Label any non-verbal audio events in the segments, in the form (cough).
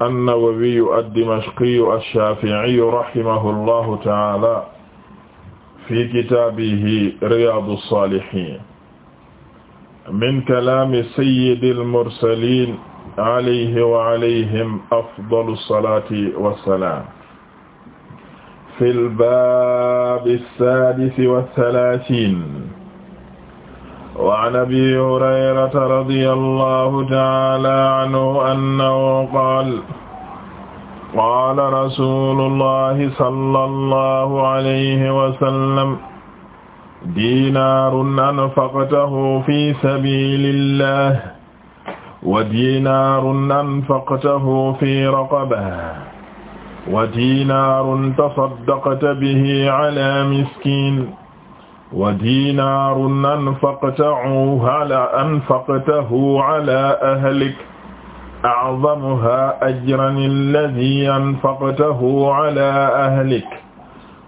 annawawiyu addimashqiyu alshafiiyu rahimahu allahu taala fi kitaabihi riyaadu saalihiin min kalaami sayyidi almursaliin alayhi wa alayhim afdalu salaati wa salaam fil baabi saadisi wa salaatiin waan abi hurayrata radiya allahu taala anhu annahu qaala qaala rasuulullahi sallallahu alayhi wa sallam diinaarun anfaqtahu fi sabiilillahi wa diinaarun anfaqtahu fi raqabatin wa diinaarun tasaddaqta bihi alaa miskiin wa dinaarun anfaqtahu ala anfaqtahu ala ahlik a'zamuha ajran alladhi anfaqtahu ala ahlik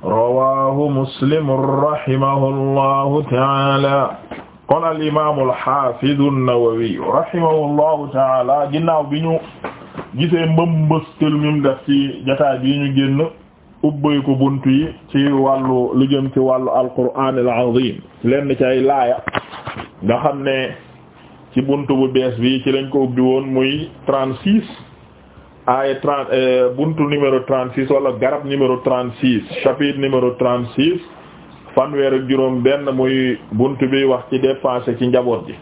rawahu muslimun rahimahullahu ta'ala kon al imamu alhafidu an-Nawawi rahimahullahu ta'ala ginnaaw bi ñu gisee mbëmbëstal mi mu def ci jotaay bi ñu génn ubbay ko bunt yi ci wàllu lu jëm ci wàllu alquraan al azim lenn ci ay laaya nga xam ne ci bunt bu bees bi ci lañ ko ubbi woon muy trente-six aaya trente eh, bunt numéro trente-six wala garab numéro trente-six chapitre numéro trente-six fanweer juróom benn muy bunt bi wax ci dépenser ci njaboot ji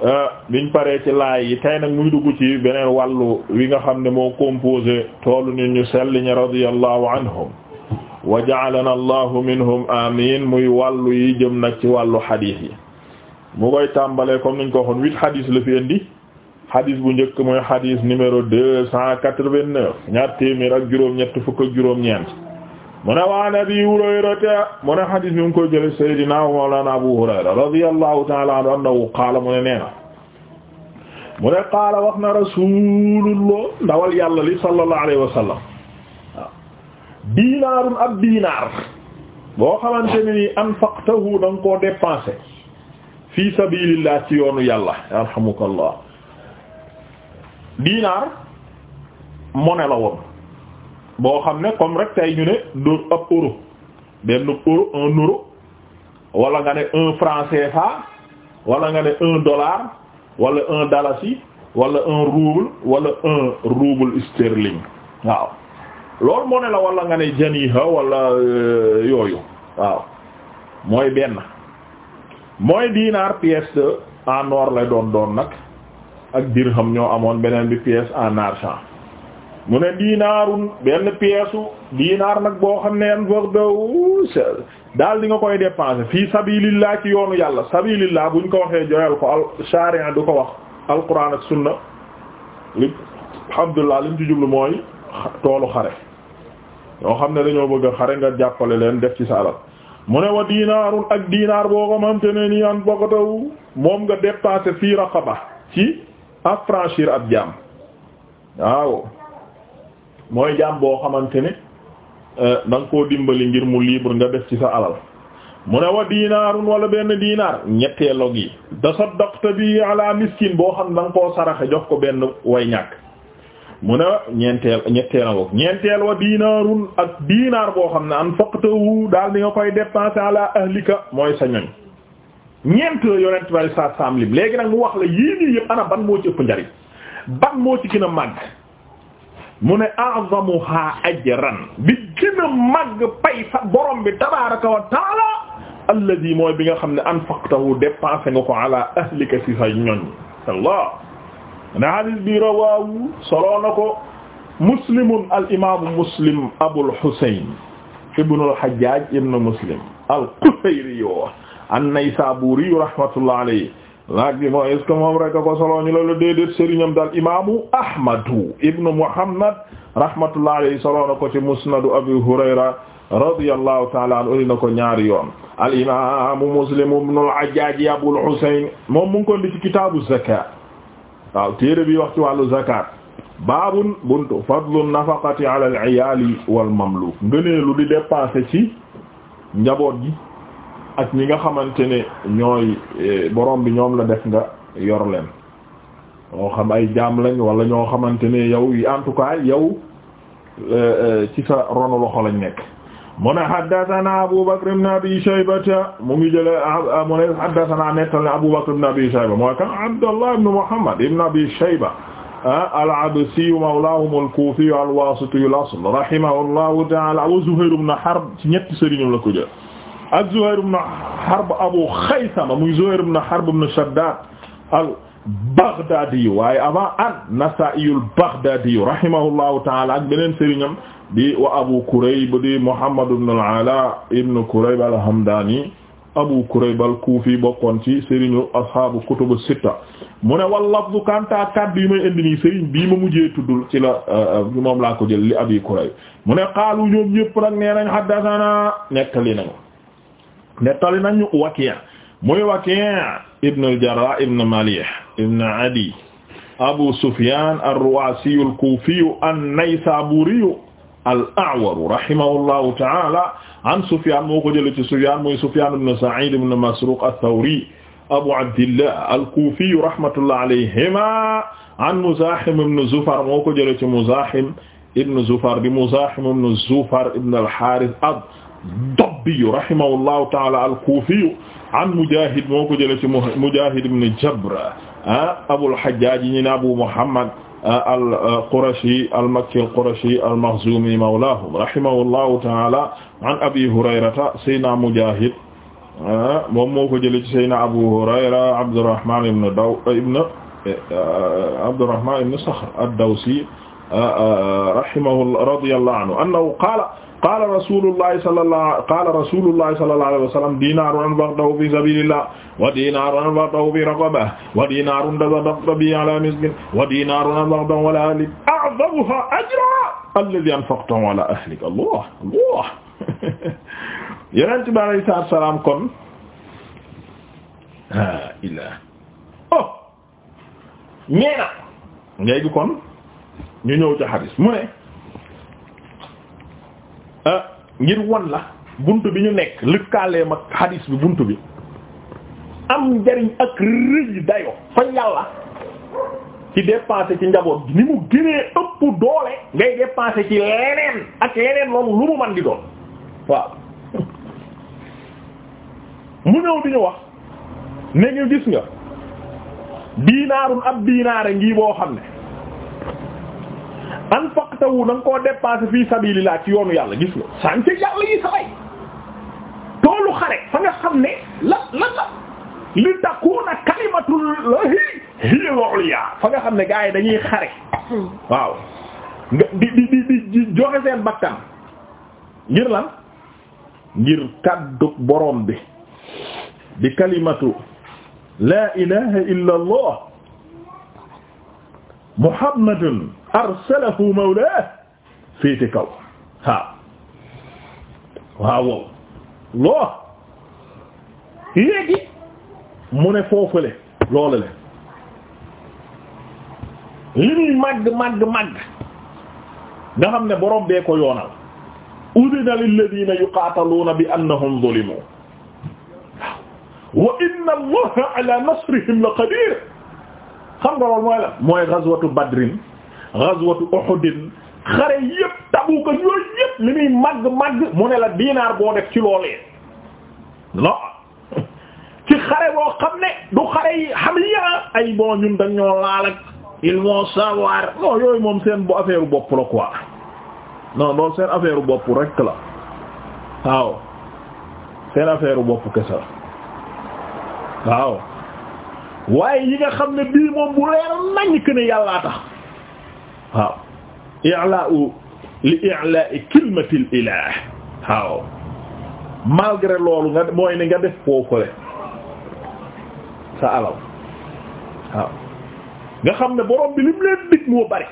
Euh, biñ paree ci laay yi tey nag muy dugg ci beneen wàllu wi nga xam ne moo composé toolu nit ñu sell ñi radiyallahu anhum wa ja'alana allahu minhum amin muy wàllu yi jëm nag ci wàllu xadiis yi mu koy tàmbalee comme ñu ko waxoon huit xadiis la fi indi xadiis bu njëkk mooy xadiis numéro deux cent quatre-vingt-neuf ñaar téeméer ak juróom-ñett fukk ak juróom-ñeent mu ne waan abi hurayrata mu ne hadis bi mu ngi koy jële sayyidina wa mawlana abu hurayra radiyallahu ta'ala anhu annahu qaala mu ne nee na mu ne qaala wax na rasulullah ndawal yàlla li sallallahu alayhi wa sallam waaw diinaarun ab diinaar boo xamante ne ni anfaqtahu da nga koo dépensé fi sabilillah ci yoonu yàlla yarhamukallah diinaar mo ne la woon boo xam ne comme rek tey ñu ne ndóor ab euro benn euro un euro wala nga ne un franc CFA wala nga ne un dollar wala un dalasi wala un rouble wala un rouble sterling waaw loolu moo ne la wala nga ne janiha wala euh, yooyu waaw mooy benn mooy dinar pièce en or lay doon doon nag ak dirham ñoo amoon beneen bi pièce en argent mu ne dinaarun benn pièce dinaar nag boo xam ne yan foog daal di nga koy dépenser fii sabilillah ci yoonu yàlla bu buñ ko waxee joyal ko al sharia du ko wax alquran ak sunna li alhamdulillah liñ ci jublu mooy toolu xare yoo xam ne dañoo bëgg a xare nga jàppale leen def ci sa alal mu ne wa dinaarun ak dinaar boo ko mante ne ni yan foog moom nga dépenser fii raqaba ci affranchir ab jaam waaw mooy jaam boo xamante ne euh, da koo dimbali ngir mu libre nga def ci sa alal mu ne wa dinaarun wala benn dinaar ñetteelog yi tasaddaqta bi ala miskin boo xam ne nga koo saraxe jox ko benn way ñàkk mu ne ñeenteel ñetteelog ñeenteel wa dinaarun ak dinaar boo xam ne anfaqtahu daal di nga koy dépenser ala ahlika mooy sa ñoñ ñeent yonent bari sa sam lim léegi nag mu wax la yii nii yëpp ana ban moo ci ëpp njariñ ban moo ci gën a màgg mu ne a'zamuha ajran bi gën a màgg pay fa borom bi tabaraka wa taala alladi mooy bi nga xam ne anfaqtahu dépensé nga ko ala ahlika si sa ñoñ allah ne hadis bi rawawu soloo na ko muslimun al imamu muslim abul husayn ibnu al hajjaj ibnu muslim al qushayri an naysaburi rahmatullah alayhi laaj bi mooy est-ce que moom rek a ko solo ñu loolu déedéet sëriñam daal imaamu Ahmadu ibnu Muhammad rahmatullah alayhi solo na ko ci musnadu Abi Hurayra radiyallahu ta'ala anhu na ko ñaari yoon al imaamu Muslim ibnu al-Hajjaj Abul Husayn moom mu ngi ko indi ci kitaabu zakat waaw téere bi wax ci wàllu zakat baabun buntu fadlu nafaqati ala al-iyaali wal mamluuk ngëneelu di dépenser ci njaboot gi ak ñi nga xamante ne ñooy eh, borom bi ñoom la def nga yor leen moo xam ay jaam lañ wala ñoo xamante ne yow yi en tout cas yow eh, eh, ci sa ronu loxo lañ nekk mu ne haddathana Abu Bakr ibn Abi Shaybata mu ngi jële ah, mu ne haddathana nettal ne Abu Bakr ibn Abi Shayba mooy kan Abdullah ibn Muhammad ibn Abi Shayba ah, al-Absi mawlahum al-Kufi al-Wasiti al-asl rahimahullahu ta'ala Abu Zuhayr ibn Harb ci ñetti sëriñam la ko jël ak Zuhayr ibn Harb Abu Xaysama muy Zuhayr ibn Harb ibn Shaddad al-Baghdadi waaye avant an-Nasa'i al-Baghdadi rahimahullahu ta'ala ak beneen sëriñam di wa Abu Kurayb di Muhammad ibn al-Ala ibn Kurayb al-Hamdani Abu Kurayb al-Kufi bokkoon ci sëriñu ashaabu kutubu sitta mu ne wal lafzu kanta kaddu yi may indi nii sëriñ bii ma mujjee tuddul ci la moom laa ko jël li Abi Kurayb mu ne qaalu ñoom ñëpp nag nee nañ haddathana nettali nañu nettali nañu Waki' muy Waki' ibn al-Jarrah ibn Malih ibn Adi Abu Sufyan ar-Ruwasi al-Kufi an-Naysaburi al-A'war rahimahullahu ta'ala an Sufyan moo ko jëlee ci Sufyan muy Sufyan ibn Sa'id ibn Masruq ath-Thawri Abu Abdillah al-Kufi rahmatullah alayhima an Muzahim ibn Zufar moo ko jëlee ci Muzahim ibn Zufar di Muzahim ibn Zufar ibn al-Harith ad-Dabbiyu rahimahullahu ta'ala al-Kufiyu an Mujahid moo ko jëlee ci Mujahid ibn Jabr ah Abul Hajjaj ñi ne Abu Muhammad ah, al-Qurashi al-Makki al-Qurashi al-Makhzumi mawlahum rahimahullahu ta'ala an Abi Hurayrata Sayyidina Mujahid ah, moom moo ko jëlee ci Sayyidina Abu Hurayra Abdurrahman ibn Daw ibn eh, ah, Abdurrahman ibn Sakhr ad-Dawsi rahimahullah radiyallahu anhu annahu qala qaala rasulullahi sallallahu qaala rasulullahi sallallahu alayhi wa sallam dinaarun anfaqtahu fi sabilillah wa dinaarun anfaqtahu fi raqaba wa dinaarun tasaddaqta bihi ala miskin wa dinaarun anfaqtahu ala ahlik a'zamuha ajra alladhi anfaqtahu ala ahlik allah allah (laughs) yonent bi alayhi salaatu wa salaam kon ah illah oh ñeena léegi kon ñu ñëw ci hadis mu ne Euh, ngir won la bunt bi ñu nekk lëkkaaleem ak hadis bi buntu bi am njariñ ak rëy dayo fa yàlla ci dépensé ci njaboot bi ni mu gënee ëpp doole ngay dépensé ci leneen ak leneen loolu lu mu man di doon waaw (laughs) mu ñëw di ñu wax ne nga gis nga diinaarun ab diinaare ngi boo xam ne anfaqtahu na nga koo dépensé fii sabilillah ci yoonu yàlla gis nga sànq yàlla yi sa way toolu xare fa nga xam ne la la la li takuna kalimatullahi hiya al-ulya fa nga xam ne gars dañuy xare waaw nga di di di di joxe seen bakkan ngir lan ngir kàddu boroom bi di kalimatu la ilaha illa muhammadun arsalahu mawlaa féete kaw waaw waaw loo léegi mu ne foofule loolu le li muy màgg màgg màgg nga xam ne borom bee ko yoonal udina lilladina yuqaataluuna bi annahum zulimu wa inna allaha ala nasrihim la qadir xam nga loolu mooy la mooy ghazwatu badrin ghazwatu Uhud xare yëpp tabu ko yooyu yëpp li muy màgg màgg mu ne la dinaar boo def ci loolee non ci xare boo xam ne du xare yi xam yaa ah, ay bon ñun dañoo laal ak ils vont savoir non yooyu moom seen bu affaire bopp la quoi non loolu seen affaire bopp rek la waaw seen affaire bopp kese la waaw waaye yi nga xam ne bii moom bu leer nañ que ne tax. waaw i'la'u li i'la'i kalimatil ilah waaw malgré loolu nga mooy ne nga def foofule sa alaw waaw nga xam ne borom bi lim leen dig moo bari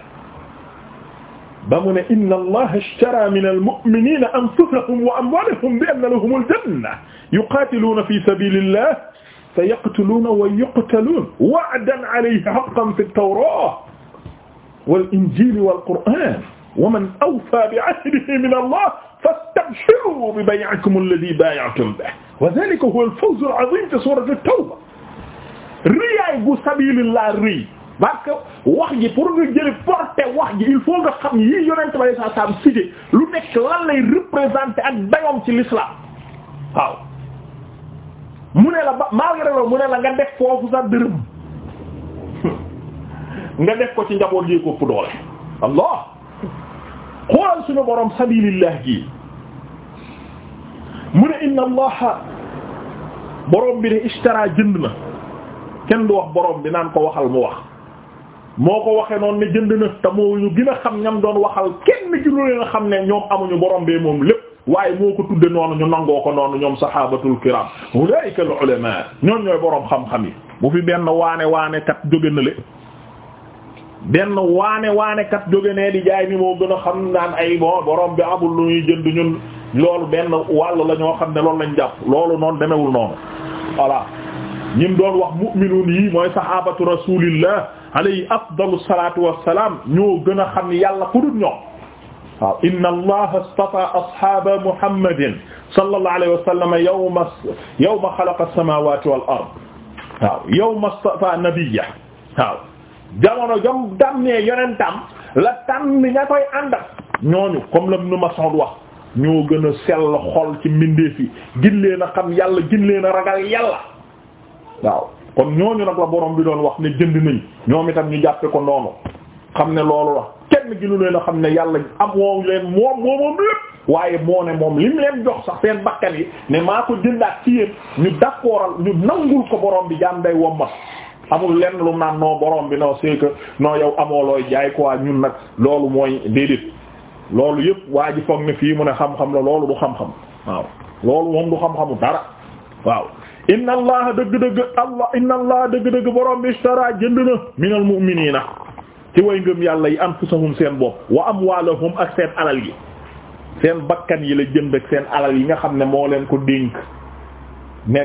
ba mu ne inna allaha ishtara min almu'minina anfusahum wa amwalahum bi anna lahum aljanna yuqatiluna fi sabilillah sayaqtuluna wa yuqtaluna wa'dan alayhi haqqan fi at-tawrah wal injili wal qur'an wa man awfaa bi ahdihi min allah fastabshiruu bi bay'ikum alladhi baaya'tum bihi wa dhalika huwa al fawz al azim fi surati at-tawba riyaay gu sabilillah rëy parce que wax ji pour nga jële porté wax ji il faut nga xam yii yonent ba saa saam cité lu nekk lan lay représenté ak dayoom ci l'islam waaw mu ne la ba malgré loolu mu ne la nga def foofu sa dërëm nga def ko ci njaboot yee ko ëpp doole allah xoolal suñu borom sabilillah gi mu ne inna allah borom bi ne ishtara jënd na kenn du wax borom bi naan ko waxal mu wax moo ko waxee noonu ne jënd na te moo ñu gën xam ñam doon waxal kenn ci lu leen xam ne ñoom amuñu borom bee moom lépp waaye moo ko tudde noonu ñu nangoo ko noonu ñoom sahabatul kiram ulaika al ulama ñoom ñooy boroom xam-xam yi bu fi benn waane waane kat jóge na le benn waane waane kat jóge nee di jaay mi moo gën a xam naan ay bon borom bi amul lu ñuy jënd ñun loolu benn wàll la ñoo xam ne loolu lañ jàpp loolu noonu demewul noonu voilà ñim doon wax mu'minuun yi mooy sahabatu rasulillah alayhi afdalu salatu wassalam ñoo gën a xam yàlla ku dul ñoom waaw inna allaha istafa ashaba muhammadin sallallahu alayhi wa sallam yawma yawma xalaqa as-samawati wal ard waaw yawma istafa nabiyya waaw jamono jom damnee yonentam la tànn ña koy àndal ñooñu comme la nu ma wax ñoo gën a sell xol ci mbindeef yi gin leen a xam yàlla gin leen a ragal yàlla waaw kon ñooñu nag la boroom bi doon wax ne jënd nañ ñoom itam ñu jàppe ko noonu xam ne loolu la kenn ginu leen a xam ne yàlla am woo leen moom moomoom lépp waaye moo ne moom lim leen jox sax seen bakkan yi ne maa ko jëndaat ci yéen ñu d'accordoal ñu nangul ko borom bi jaam day wommat amul lenn lu naan noo borom bi non c'est que non yow amoo looy jaay quoi ñun nag loolu mooy déedéet loolu yëpp waa ji foog ne fii mu ne xam-xam la loolu du xam-xam waaw loolu moom du xam-xamu dara waaw inna allaha dëgg-dëgg allah inna allaha dëgg-dëgg borom bi ishtara jënd na minal mu'minina ci way ngëm yàlla yi anfusahum seen bopp wa amwalahum ak seen alal yi seen bakkan yi la jënd ak seen alal yi nga xam ne moo leen ko dénk ne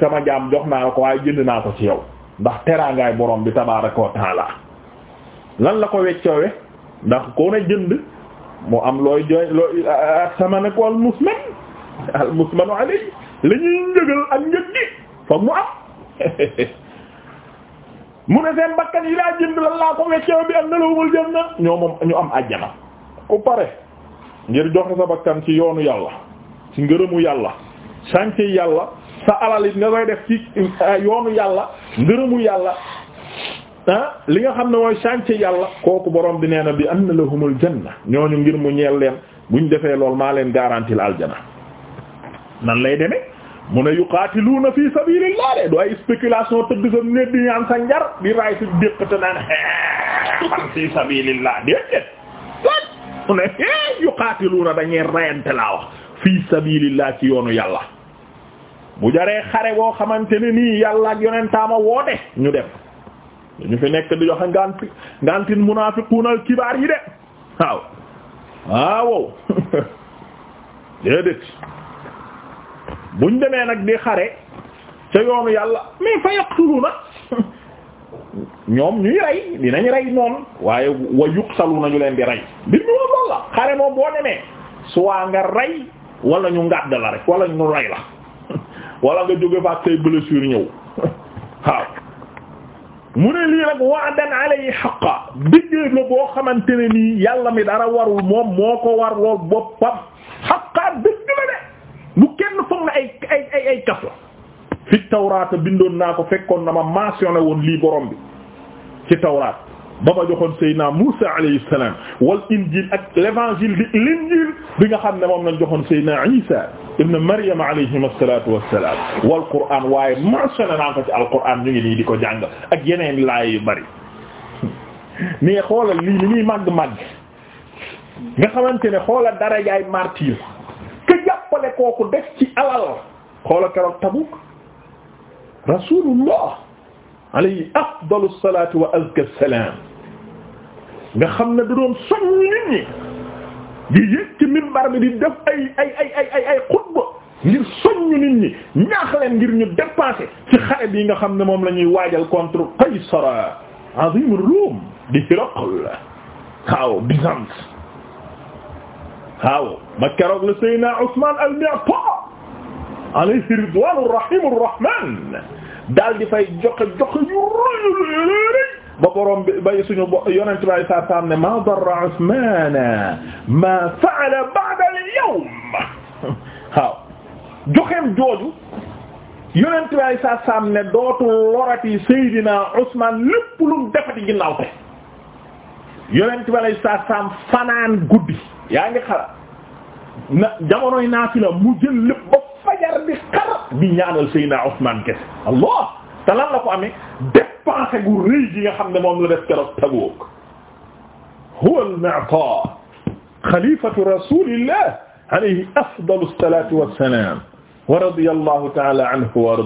sama jaam jox naa ko waaye jënd naa ko ci yow ndax teraangaay borom bi tabaaraka wa taala lan la ko weccoowe ndax ko na jënd mu am looy jooy looy samane ko al al musmanu alay la ñuy njëgal ak njëg gi foog mu am (laughs) mu ne seen bakkan yi laa jënd lan laa ko weccoowe bi am na la wumul jëm ñoo moom ñu am àjjana ku pare ngir joxe sa bakkan ci yoonu yàlla ci ngërëmu yàlla sànke yàlla sa alal it nga koy def ci euh, yoonu yàlla ngërëmu yàlla ah li nga xam ne mooy sànce yàlla kooku boroom bi nee na bi anna lahumul janna ñooñu ngir mu ñeel leen buñ defee lool maa leen garantil aljana nan lay deme mu ne yuqaatiluuna fi sabilillah de du ay spéculation tëdd sa nit di ñaan sa njar di raay si déq te naan man fi sabilillah déedéet mu laa wax fi sabilillah ci yoonu yàlla bu jaree xare woo xamante ne nii yàlla ak yonentaama woote ñu dem ñu fi nekk di joxe nganti ngantin munaafiquun al kibaar yi de waaw waaw (laughs) déedéet buñ demee nag di xare ca yoonu yàlla mais fa yaqtuluna (laughs) ñoom ñuy rey dinañ rey noonu waaye wa yuqtaluna ñu leen di rey mbir mi woon loolu la xare moom boo demee soit nga rey wala ñu ngàdd la rek wala ñu rey la wala nga jóge faak say blessure ñëw (laughs) waaw mu ne lii nag wa'dan alayhi haqqa diggéey la boo xamante ne nii yàlla mi dara warul moom moo ko war lool boppam haqqa dëgg la de bu kenn foog na ay ay ay ay kaf la fi tawraata bindoon naa ko fekkoon na ma mentionné woon lii borom bi ci tawraat ba ma joxoon Seydina Musa alayhi salaam wal injil ak l'évangile di l'injil bi nga xam ne moom lañ joxoon Seydina Isa ibn Maryam alayhim asalatu wassalam wal Qur'an waaye mentionné naa ko ci alquran ñu ngi nii di ko jàng ak yeneen laay yu bari mais xoolal lii li muy màgg-màgg nga xamante ne xoolal dara jaay martyr ke jàppale kooku def ci alal xoolal keroog Tabuk rasulullah alayhi afdalu salatu wa azka salam nga xam ne da doon soññ nit ñi di yëg ci minbar bi di def ay ay ngir soññ nit ñi ñaax leen ngir ñu dépasser ci xare bi nga xam ne moom la ñuy waajal contre Qaysar azim Rum di Hiraql waaw Byzance waaw ba keroog la Seydina Ousmane al-Mi'ta alayhi ridwanu rahim ar-rahman daal di fay joxe joxe yu rëy ba borom bi bay suñu yonent bay saa saam ne ma darra Usmaana ma fa'ala ba'da al-yawm (laughs) waaw joxeem jooju yonent bay saa saam ne dootul lorati Seydina Usmaan lépp saam fanaan guddi yaa ngi xalaat na jamonoy naafila mu jël lépp ba fajar di xar di ñaanal Seydina Allah te la ko amee dépensé yi rëy nga xam ne moom la def keroog Tabuuk huwa al-mi'taa xalifatu rasulillah alayhi afdalu wa radiyallahu ta'ala anhu wa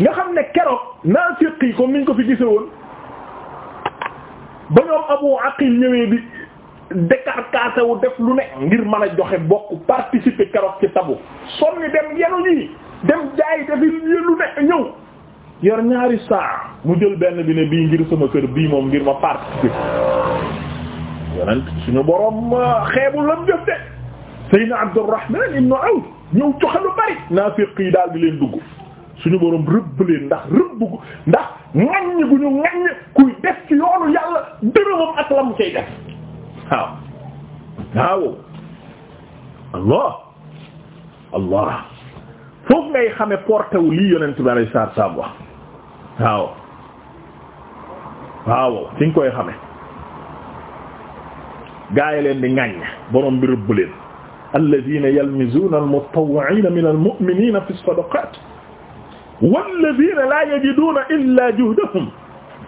nga xam ne keroog naafiq yi comme niñ ko fi gise woon ba ñoom Abu Aqil ñëwee bi décarcassé wu def lu ne ngir mën a joxe bokk participer keroog ci Tabuuk sonn dem yenu dem jaay dafi yëlu ne ñëw yor ñaari saa mu jël benn bi ne bii ngir sama kër bii moom ngir ma participer yonent suñu borom euh, xeebul lam jëf de Seydina Abdurrahman ibn Awf ñëw joxe lu bari naafiq yi daal di leen dugg suñu borom rëbb leen ndax rëbb gu ndax ŋaññ gu ñu ŋaññ kuy def ci yoonu yàlla dërëmam ak la mu cay def allah allah foofu ngay xame porté wu lii yonent bi alayhi salaatu salaam wax waaw waaw fi nga koy xame gaa yi leen di ŋàññ borom bi rëbb leen alladina yalmizuuna almutawwi'ina min almu'minina fi sadaqat walladina la yajiduuna illa juhdahum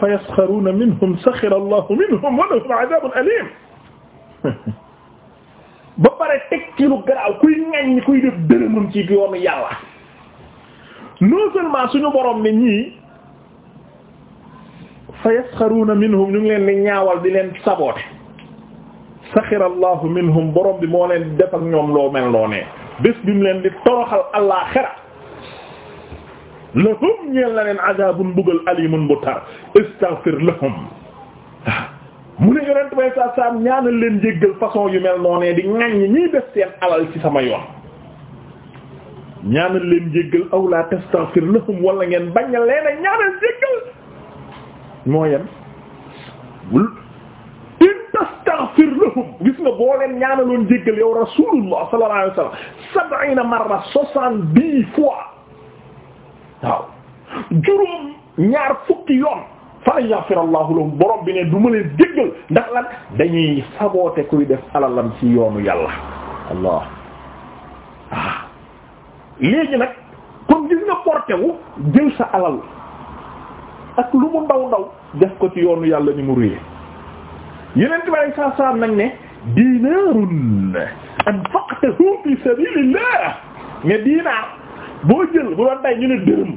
fa yasxaruuna minhum saxira allahu minhum wa lahum adabun alim (laughs) ba pare teg ci lu garaaw kuy ŋàññ kuy def dërëmam ci yoonu yàlla non seulement suñu borom ne ñii fa yasxaruuna minhum ñu ngi leen di ñaawal di leen saboote saxira allahu minhum boroom bi moo leen def ak ñoom loo mel noonee bés bi mu leen di toroxal allah xera lahum ñeel na leen adabun bugal alimun bu tar istaghfir lahum mu ne yonent bay sa saam ñaanal leen jéggal façon yu mel noonee di ŋaññi ñiy def seen alal ci sama yoon ñaanal leen jéggal aw la tastaghfir lahum wala ngeen bañ leen ñaanal jéggal moo yem in tastaghfir lahum gis nga boo leen ñaanaloon jéggal yow rasulullah sallallahu alayhi wasallam sab'ina marra soixante-dix fois waaw juróom ñaar fukki yoon falan yaghfir allahu lahum borom bi ne du leen jéggal ndax lan dañuy saboote kuy def alalam ci yoonu yàlla allah ah. léegi nag kon gis nga porté jël sa alal ak lu mu ndaw ndaw def ko ci yoonu yàlla ni mu ruyee yeneen tubaab saa saa nañ ne dinaarun anfaqtahu fi sabilillah ne dinaar boo jël bu doon day ñu ne dërëm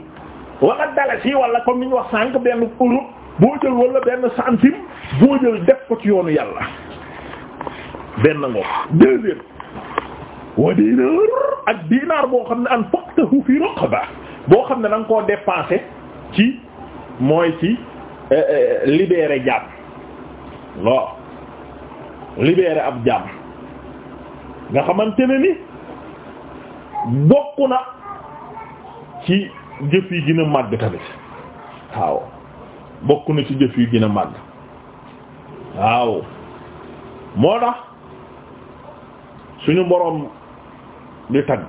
wala dalasi wala comme ni ñu wax sànq benn euro boo jël wala benn centime boo jël def ko ci yoonu yàlla benn ngoog deuxième. wa dinar ak dinar boo xam ne an faqtahu fi raqaba boo xam ne da koo dépensé ci mooy ci eh, eh, libéré jaam waaw ab jaam nga xamante ne ni bokk na ci jëf yi gën a màgg tamit waaw bokk na ci jëf yi gën a waaw moo tax suñu boroom di tagg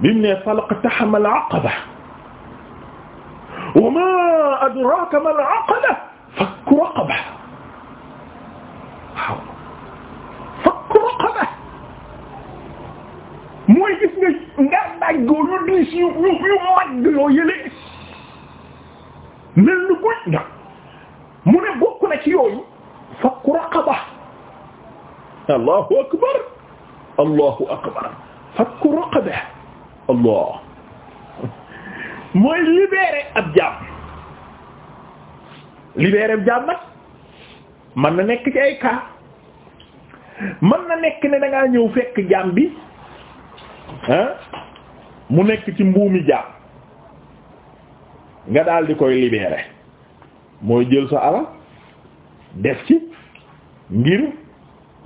bi mu ne falaqtaxama al aqaba wa ma adraka ma al aqaba fakku raqaba waaw fakku raqaba mooy gis nga ngar daaj goo yu diis yu yu yu mag yoo yële mel ni guj nga mu ne bokk na ci yooyu fakku raqaba allahu akbar allahu akbar fakku raqaba allah mooy libérer ab jaam libérer ab jaam nag mën na nekk ci ay cas mën na nekk ne da ñëw fekk jaam bi mu nekk ci mbuumi jaam nga daal di koy libérer mooy jël sa alal def ci ngir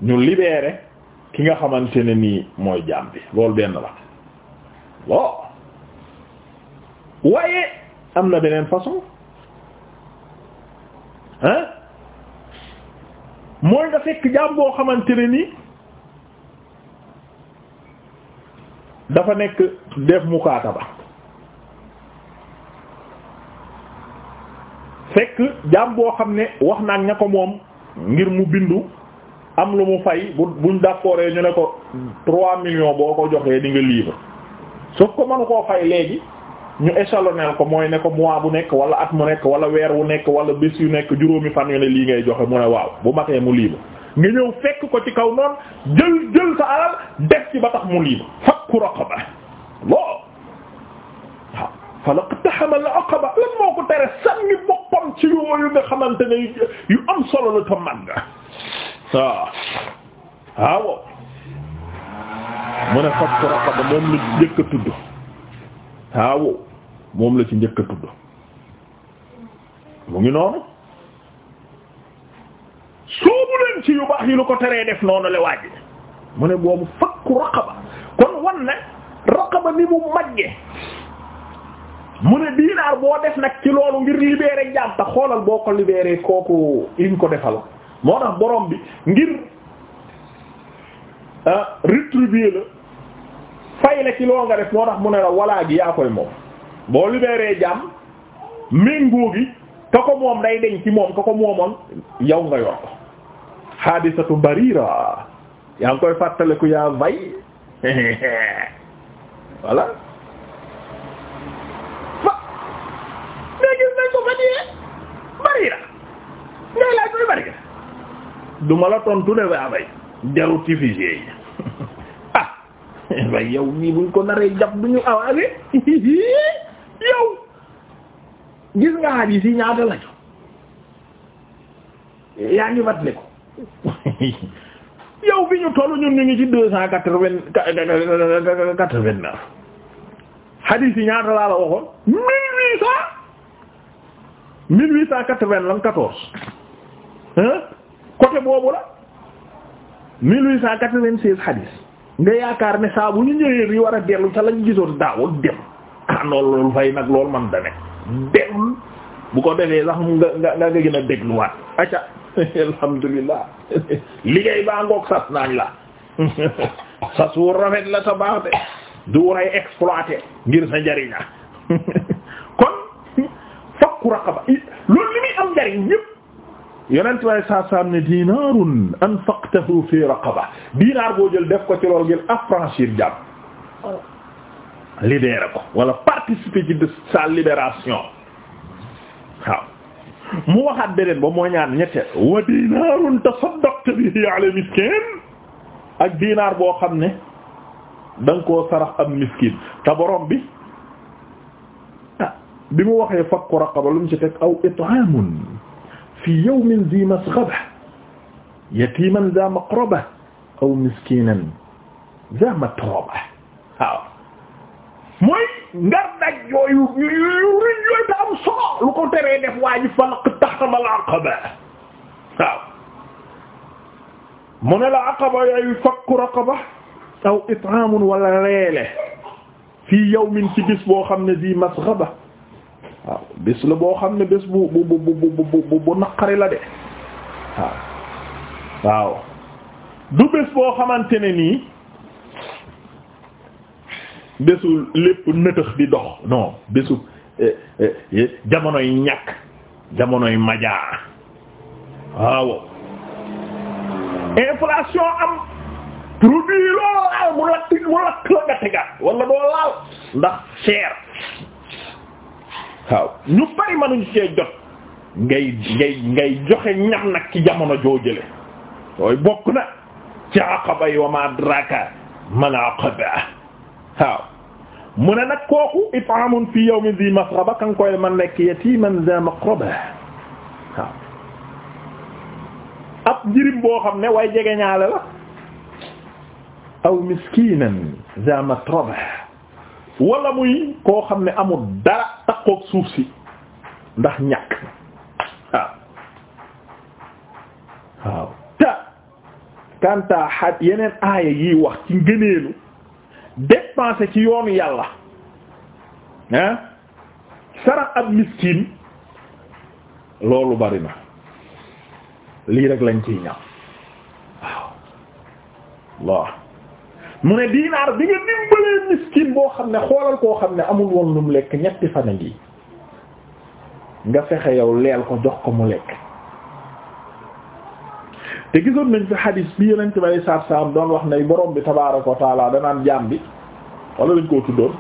ñu libérer ki nga xamante ne nii mooy jaam bi loolu benn la lo waaye am na beneen façon hein mooy nga fekk jaam boo xamante ne nii dafa nekk def mukaataba fekk jaam boo xam ne wax naa ña ko moom ngir mu bindu am lu mu fay bu buñ d'accord ñu ne ko trois millions boo ko joxee di nga libre soo ko mënu koo fay léegi ñu échelonner ko mooy ne ko mois bu nekk wala at mu nekk wala weer wu nekk wala bés yu nekk juróomi fan yu ne lii ngay joxe mu ne waaw bu matee mu libre nga ñëw fekk ko ci kaw noonu jël jël sa alal def ci ba tax mu libre fakku raqaba loo fa laqtahamal aqaba lan moo ko tere sànni boppam ci yooyu nga xamante ne yu am solo la ta waaw waaw mu ne fakk raqaba moom la njëkk tudd waaw moom la ci njëkk a tudd mu ngi noonu soobu leen ci yu baax yi lu ko teree def noonu la waaj mu ne boobu fakk raqaba kon wan raqaba ni mu magge mu ne diinaar boo def nag ci loolu ngir libérer jaam ta xoolal boo ko libérer kooku iñ ko defal moo tax borom bi ngir ah, rétribuer la fay la ci nga def moo tax mu ne la walaa gi yaa koy moom boo libéré jàmm méngoo gi ka ko moom day deñ ci moom ka ko moomoon yow nga yor ko hadisatu barira yaa ngi koy fàttaliku yaa vay (laughs) voilà du ma la ton ne waa bay jarut ci fichier yi (laughs) ah bay yow nii buñ ko naree jàpp ñu avancé (laughs) yow gis nga hadis yi ñaata lañu yaa ngi mat ko (laughs) yow bi ñu tollu ñun ñu ngi ci deux cent quatre-vingt quatre-vingt-neuf hadis yi ñaata laa la waxoon mille huit cent mille huit cent quatre-vingt-quatorze côté boobu la 1896 hadis nga yaakaar ne saa bu ñu ñëwee yi war a dellu ca lañ gisoon daawul dem ah loolu loolu fay nag loolu man da ne dem bu ko defee sax mu nga nga nga gën a dégluwaat acca (laughs) alhamdulillah (laughs) liggéey baa ngoog sas naañ la (laughs) sas wu rafet la sa baax de du waray exploité ngir sa njariña kon fakku raqaba loolu li muy am njariñ ñépp yonent waaye saa saam ne dinaarun anfaqtahu fi raqaba dinaar boo jël def ko ci loolu ngir affranchir jàpp libérer ko wala participer ci sa libération waaw mu waxaat beneen ba moo ñaan ñetteel wa dinaarun tasaddaqta bihi ala miskin ak dinaar boo xam ne da nga koo sarax am miskin te borom bi ah, bi mu waxee fakku raqaba lu mu ci teg aw it'amun fii yawmin zi masghaba yatiman za maqraba aw miskinan za matroba waaw mooy ngar daj yooyu ruñ yooyu ta am solo lu ko teree def waa ji falaq taxtama al aqaba waaw mu ne la aqaba yooyu fakku raqaba aw it'aamun wala reele fii yawmin ci bis boo xam ne zi masghaba bés la boo xam ne bés bu bu bu bu bu naqari la de waaw du bés boo xamante ne nii bésu lépp nëtëx di dox non bésu eh, eh, jamonoy ñàkk jamonoy majaa waaw inflation am produit yi loolu laal mu lakk la nga tegaat doo laal ndax cher waaw ñu bari manuñ cee jot ngay ngay ngay joxe ñax nag ci jamono joo jële yooyu bokk na ci aqaba wa ma adraka man aqaba waaw mu ne nag kooku it'amun fi yawmin dhi masraba kan koy man nekk yatiman dha maqraba waaw ab jirim boo xam ne way jege ñaale la aw miskinan dha matraba wala muy koo xam ne amul dara takkoog suuf si ndax ñàkk waaw waaw kanta xaj yeneen aaya yiy wax ci ngëneelu dépenser ci yoonu yàlla ah sarax ab miskin loolu bari na lii rek lañ ciy ñaaw waaw Allah mu ne diinaar bi nga dimbalee miskin boo xam ne xoolal koo xam ne amul woon lu mu lekk ñetti fan a ngi nga fexe yow leel ko jox ko mu lekk te gisoon nañ fi xadis bi yonent bi sallallahu alayhi wasallam doon wax ne borom bi tabaaraka wa taala danaan jaam bi wala lañ koo tuddoon